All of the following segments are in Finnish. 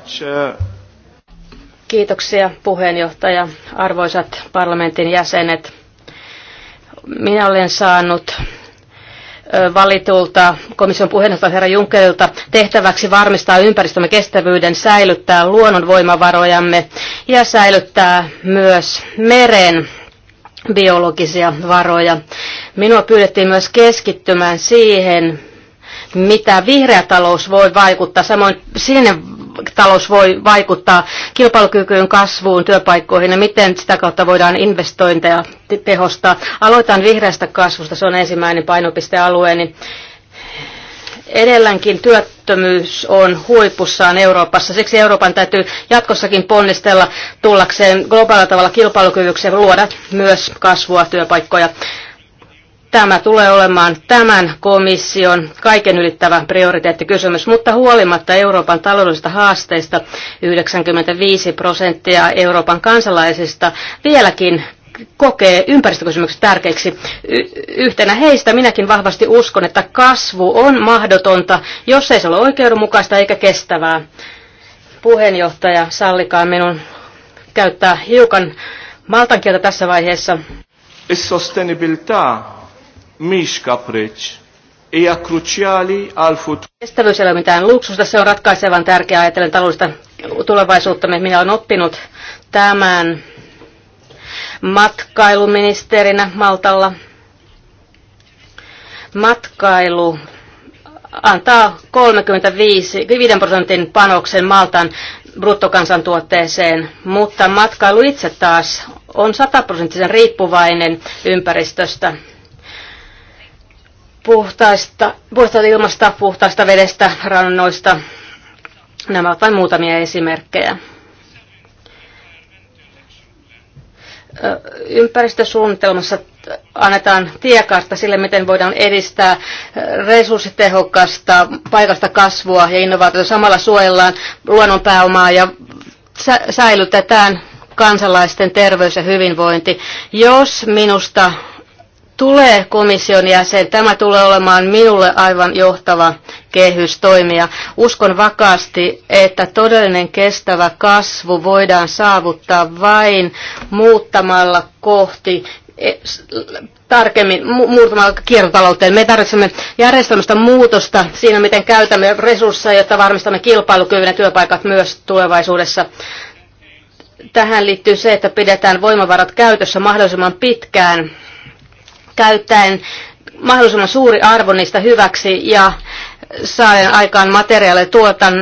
Uh, Kiitoksia puheenjohtaja, arvoisat parlamentin jäsenet. Minä olen saanut valitulta komission puheenjohtaja herra Junckerilta tehtäväksi varmistaa ympäristömme kestävyyden, säilyttää luonnonvoimavarojamme ja säilyttää myös meren biologisia varoja. Minua pyydettiin myös keskittymään siihen, mitä vihreä talous voi vaikuttaa, samoin siihen talous voi vaikuttaa kilpailukykyyn, kasvuun, työpaikkoihin ja miten sitä kautta voidaan investointeja tehostaa. Aloitan vihreästä kasvusta, se on ensimmäinen painopistealueeni. Niin Edelläkin työttömyys on huipussaan Euroopassa. Siksi Euroopan täytyy jatkossakin ponnistella tullakseen globaalilla tavalla kilpailukyvyksi ja luoda myös kasvua työpaikkoja. Tämä tulee olemaan tämän komission kaiken ylittävä prioriteettikysymys, mutta huolimatta Euroopan taloudellisista haasteista 95 prosenttia Euroopan kansalaisista vieläkin kokee ympäristökysymykset tärkeiksi. Y- yhtenä heistä minäkin vahvasti uskon, että kasvu on mahdotonta, jos ei se ole oikeudenmukaista eikä kestävää. Puheenjohtaja, sallikaa minun käyttää hiukan maltankieltä tässä vaiheessa miex kapriċ. Ja kruciali al futur. Kestävyys ei ole mitään luksusta, se on ratkaisevan tärkeä ajatellen taloudellista tulevaisuuttamme. Minä olen oppinut tämän matkailuministerinä Maltalla. Matkailu antaa 35 prosentin panoksen Maltan bruttokansantuotteeseen, mutta matkailu itse taas on 100 riippuvainen ympäristöstä puhtaista, puhtaista ilmasta, puhtaista vedestä, rannoista. Nämä ovat vain muutamia esimerkkejä. Ympäristösuunnitelmassa annetaan tiekartta sille, miten voidaan edistää resurssitehokasta paikasta kasvua ja innovaatiota. Samalla suojellaan luonnonpääomaa ja säilytetään kansalaisten terveys ja hyvinvointi. Jos minusta tulee komission jäsen, tämä tulee olemaan minulle aivan johtava kehystoimija. Uskon vakaasti, että todellinen kestävä kasvu voidaan saavuttaa vain muuttamalla kohti e, tarkemmin muutamalla kiertotalouteen. Me tarvitsemme järjestelmästä muutosta siinä, miten käytämme resursseja, jotta varmistamme kilpailukyvyn ja työpaikat myös tulevaisuudessa. Tähän liittyy se, että pidetään voimavarat käytössä mahdollisimman pitkään käyttäen mahdollisimman suuri arvo niistä hyväksi ja saaden aikaan materiaaleja tuotan,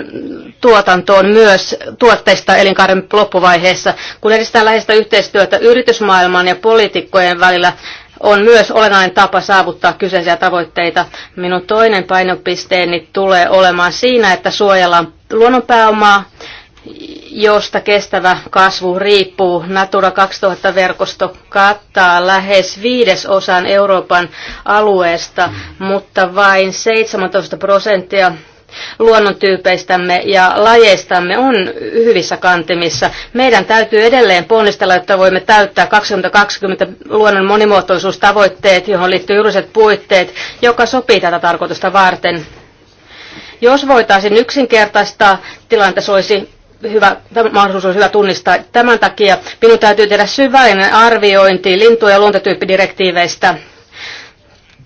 tuotantoon myös tuotteista elinkaaren loppuvaiheessa. Kun edistää läheistä yhteistyötä yritysmaailman ja poliitikkojen välillä, on myös olennainen tapa saavuttaa kyseisiä tavoitteita. Minun toinen painopisteeni tulee olemaan siinä, että suojellaan luonnonpääomaa josta kestävä kasvu riippuu. Natura 2000-verkosto kattaa lähes viidesosan Euroopan alueesta, mutta vain 17 prosenttia luonnontyypeistämme ja lajeistamme on hyvissä kantimissa. Meidän täytyy edelleen ponnistella, jotta voimme täyttää 2020 luonnon monimuotoisuustavoitteet, johon liittyy juuriset puitteet, joka sopii tätä tarkoitusta varten. Jos voitaisiin yksinkertaistaa, tilanteessa olisi hyvä, tämä mahdollisuus on hyvä tunnistaa. Tämän takia minun täytyy tehdä syvällinen arviointi lintu- ja luontotyyppidirektiiveistä.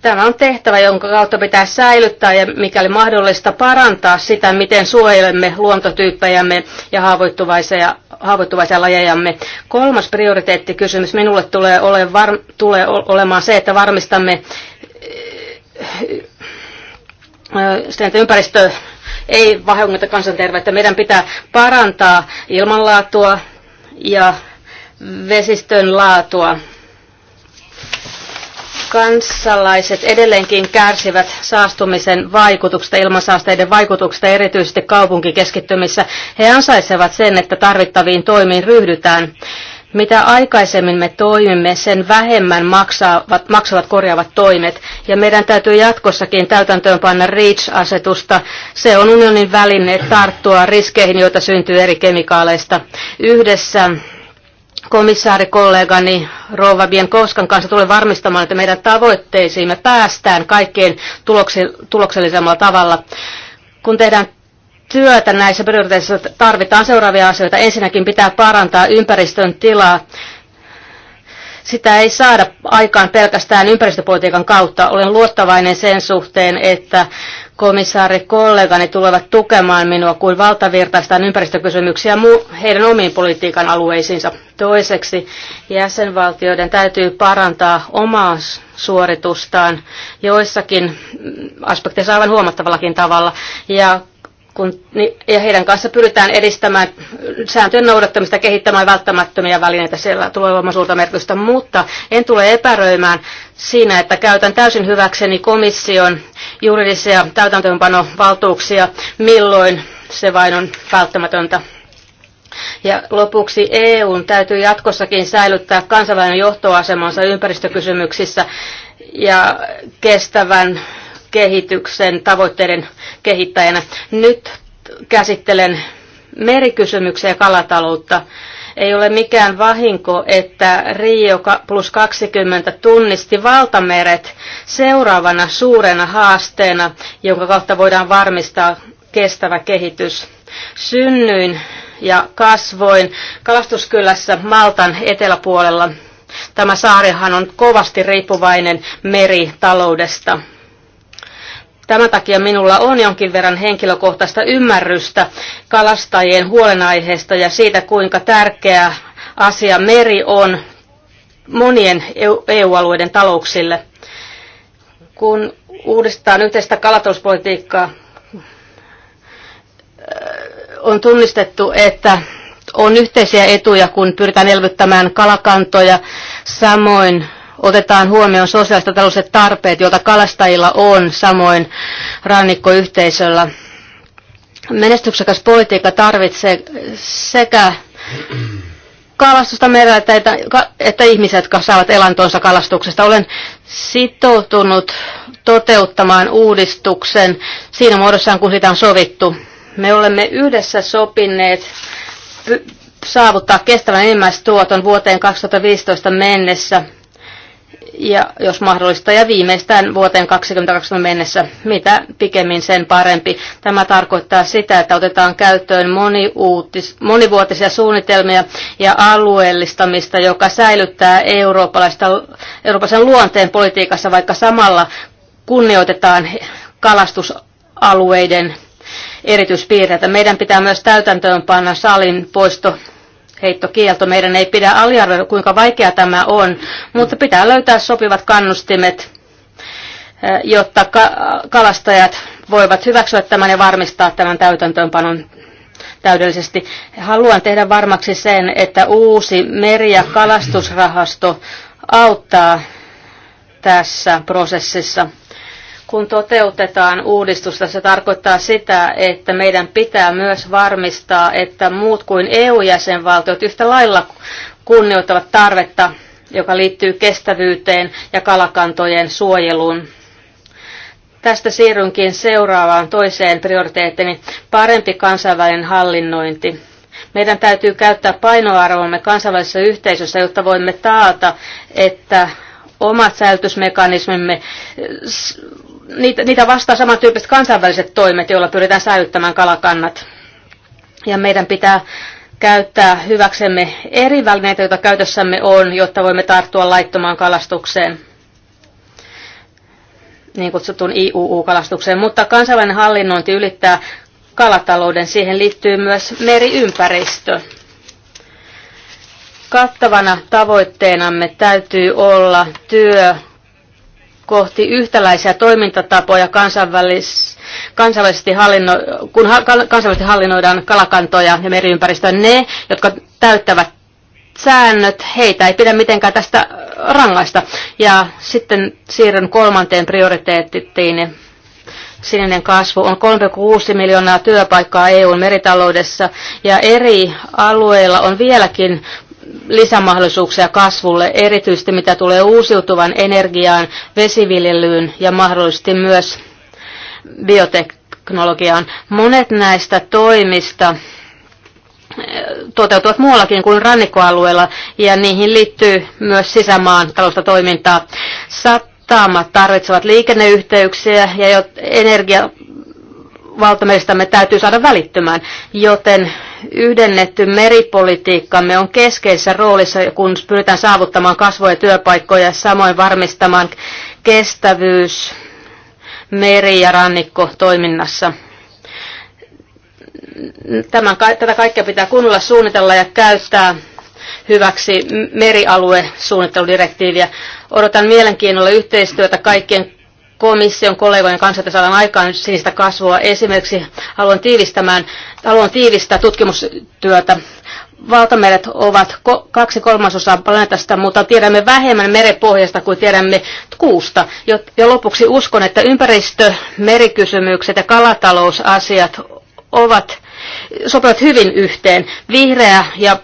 Tämä on tehtävä, jonka kautta pitää säilyttää ja mikäli mahdollista parantaa sitä, miten suojelemme luontotyyppejämme ja haavoittuvaisia, haavoittuvaisia lajejamme. Kolmas prioriteettikysymys minulle tulee, ole, var, tulee olemaan se, että varmistamme sen että ympäristö ei vahingoita kansanterveyttä. Meidän pitää parantaa ilmanlaatua ja vesistön laatua. Kansalaiset edelleenkin kärsivät saastumisen vaikutuksesta, ilmansaasteiden vaikutuksesta erityisesti kaupunkikeskittymissä. He ansaitsevat sen, että tarvittaviin toimiin ryhdytään mitä aikaisemmin me toimimme, sen vähemmän maksavat, maksavat korjaavat toimet. Ja meidän täytyy jatkossakin täytäntöönpanna REACH-asetusta. Se on unionin väline tarttua riskeihin, joita syntyy eri kemikaaleista. Yhdessä komissaarikollegani Rova Bienkoskan kanssa tulee varmistamaan, että meidän tavoitteisiimme päästään kaikkein tuloksellisemmalla tavalla. Kun tehdään työtä näissä prioriteetissa tarvitaan seuraavia asioita. Ensinnäkin pitää parantaa ympäristön tilaa. Sitä ei saada aikaan pelkästään ympäristöpolitiikan kautta. Olen luottavainen sen suhteen, että komissaari kollegani tulevat tukemaan minua, kuin valtavirtaistaan ympäristökysymyksiä heidän omiin politiikan alueisiinsa. Toiseksi jäsenvaltioiden täytyy parantaa omaa suoritustaan joissakin aspekteissa aivan huomattavallakin tavalla. Ja kun, niin, ja heidän kanssa pyritään edistämään sääntöjen noudattamista, kehittämään välttämättömiä välineitä, siellä tulee olemaan suurta merkitystä, mutta en tule epäröimään siinä, että käytän täysin hyväkseni komission juridisia täytäntöönpanovaltuuksia, milloin se vain on välttämätöntä. Ja lopuksi EUn täytyy jatkossakin säilyttää kansainvälinen johtoasemansa ympäristökysymyksissä ja kestävän kehityksen tavoitteiden kehittäjänä. Nyt käsittelen merikysymyksiä ja kalataloutta. Ei ole mikään vahinko, että Rio plus 20 tunnisti valtameret seuraavana suurena haasteena, jonka kautta voidaan varmistaa kestävä kehitys. Synnyin ja kasvoin kalastuskylässä Maltan eteläpuolella. Tämä saarihan on kovasti riippuvainen meritaloudesta. Tämän takia minulla on jonkin verran henkilökohtaista ymmärrystä kalastajien huolenaiheesta ja siitä, kuinka tärkeä asia meri on monien EU-alueiden talouksille. Kun uudistetaan yhteistä kalatalouspolitiikkaa, äh, on tunnistettu, että on yhteisiä etuja, kun pyritään elvyttämään kalakantoja. Samoin otetaan huomioon sosiaaliset ja taloudelliset tarpeet, joita kalastajilla on, samoin rannikkoyhteisöllä. Menestyksekäs politiikka tarvitsee sekä kalastusta merellä, että, että, että ihmiset saavat elantonsa kalastuksesta. Olen sitoutunut toteuttamaan uudistuksen siinä muodossaan, kun sitä on sovittu. Me olemme yhdessä sopineet saavuttaa kestävän enimmäistuoton vuoteen 2015 mennessä ja jos mahdollista, ja viimeistään vuoteen 2020 mennessä, mitä pikemmin sen parempi. Tämä tarkoittaa sitä, että otetaan käyttöön moniuutis, monivuotisia suunnitelmia ja alueellistamista, joka säilyttää eurooppalaista, eurooppalaisen luonteen politiikassa, vaikka samalla kunnioitetaan kalastusalueiden erityispiirteitä. Meidän pitää myös panna salin poisto heittokielto. Meidän ei pidä aliarvioida, kuinka vaikea tämä on, mutta pitää löytää sopivat kannustimet, eh, jotta kalastajat voivat hyväksyä tämän ja varmistaa tämän täytäntöönpanon täydellisesti. Haluan tehdä varmaksi sen, että uusi meri- ja kalastusrahasto auttaa tässä prosessissa. Kun toteutetaan uudistusta, se tarkoittaa sitä, että meidän pitää myös varmistaa, että muut kuin EU-jäsenvaltiot yhtä lailla kunnioittavat tarvetta, joka liittyy kestävyyteen ja kalakantojen suojeluun. Tästä siirrynkin seuraavaan toiseen prioriteettiin, parempi kansainvälinen hallinnointi. Meidän täytyy käyttää painoarvomme kansainvälisessä yhteisössä, jotta voimme taata, että omat säilytysmekanismimme niitä, niitä vastaa samantyyppiset kansainväliset toimet, joilla pyritään säilyttämään kalakannat. Ja meidän pitää käyttää hyväksemme eri välineitä, joita käytössämme on, jotta voimme tarttua laittomaan kalastukseen, niin kutsutun IUU-kalastukseen. Mutta kansainvälinen hallinnointi ylittää kalatalouden. Siihen liittyy myös meriympäristö. Kattavana tavoitteenamme täytyy olla työ kohti yhtäläisiä toimintatapoja kansainvälis, kansainvälisesti hallinno, kun ha, kansainvälisesti hallinnoidaan kalakantoja ja meriympäristöä. Ne, jotka täyttävät säännöt, heitä ei pidä mitenkään tästä rangaista. Ja sitten siirryn kolmanteen prioriteettiin. Sininen kasvu on 3,6 miljoonaa työpaikkaa EUn meritaloudessa ja eri alueilla on vieläkin lisämahdollisuuksia kasvulle, erityisesti mitä tulee uusiutuvan energiaan, vesiviljelyyn ja mahdollisesti myös bioteknologiaan. Monet näistä toimista eh, toteutuvat muuallakin kuin rannikkoalueella ja niihin liittyy myös sisämaan talousta toimintaa. Sattaamat tarvitsevat liikenneyhteyksiä ja energia valtameristamme täytyy saada välittymään, joten yhdennetty meripolitiikkamme on keskeisessä roolissa, kun pyritään saavuttamaan kasvoja ja työpaikkoja, samoin varmistamaan kestävyys meri- ja rannikkotoiminnassa. Tämän, tätä kaikkea pitää kunnolla suunnitella ja käyttää hyväksi merialuesuunnitteludirektiiviä. Odotan mielenkiinnolla yhteistyötä kaikkien komission kollegojen kanssa, että saadaan aikaan sinistä kasvua. Esimerkiksi haluan, tiivistämään, haluan tiivistää tutkimustyötä. Valtameret ovat kaksi kolmasosaa planeetasta, mutta tiedämme vähemmän merepohjasta kuin tiedämme kuusta. Ja lopuksi uskon, että ympäristö, merikysymykset ja kalatalousasiat ovat, sopivat hyvin yhteen. Vihreä ja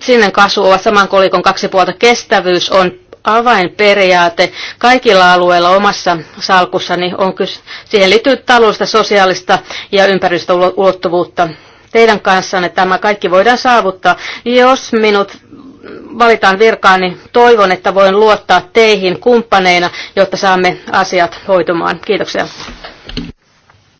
sininen kasvu ovat saman kolikon kaksi puolta. Kestävyys on avainperiaate kaikilla alueilla omassa salkussani on kyse. Siihen liittyy taloudellista, sosiaalista ja ympäristöulottuvuutta. Teidän kanssanne tämä kaikki voidaan saavuttaa. Jos minut valitaan virkaan, niin toivon, että voin luottaa teihin kumppaneina, jotta saamme asiat hoitumaan. Kiitoksia.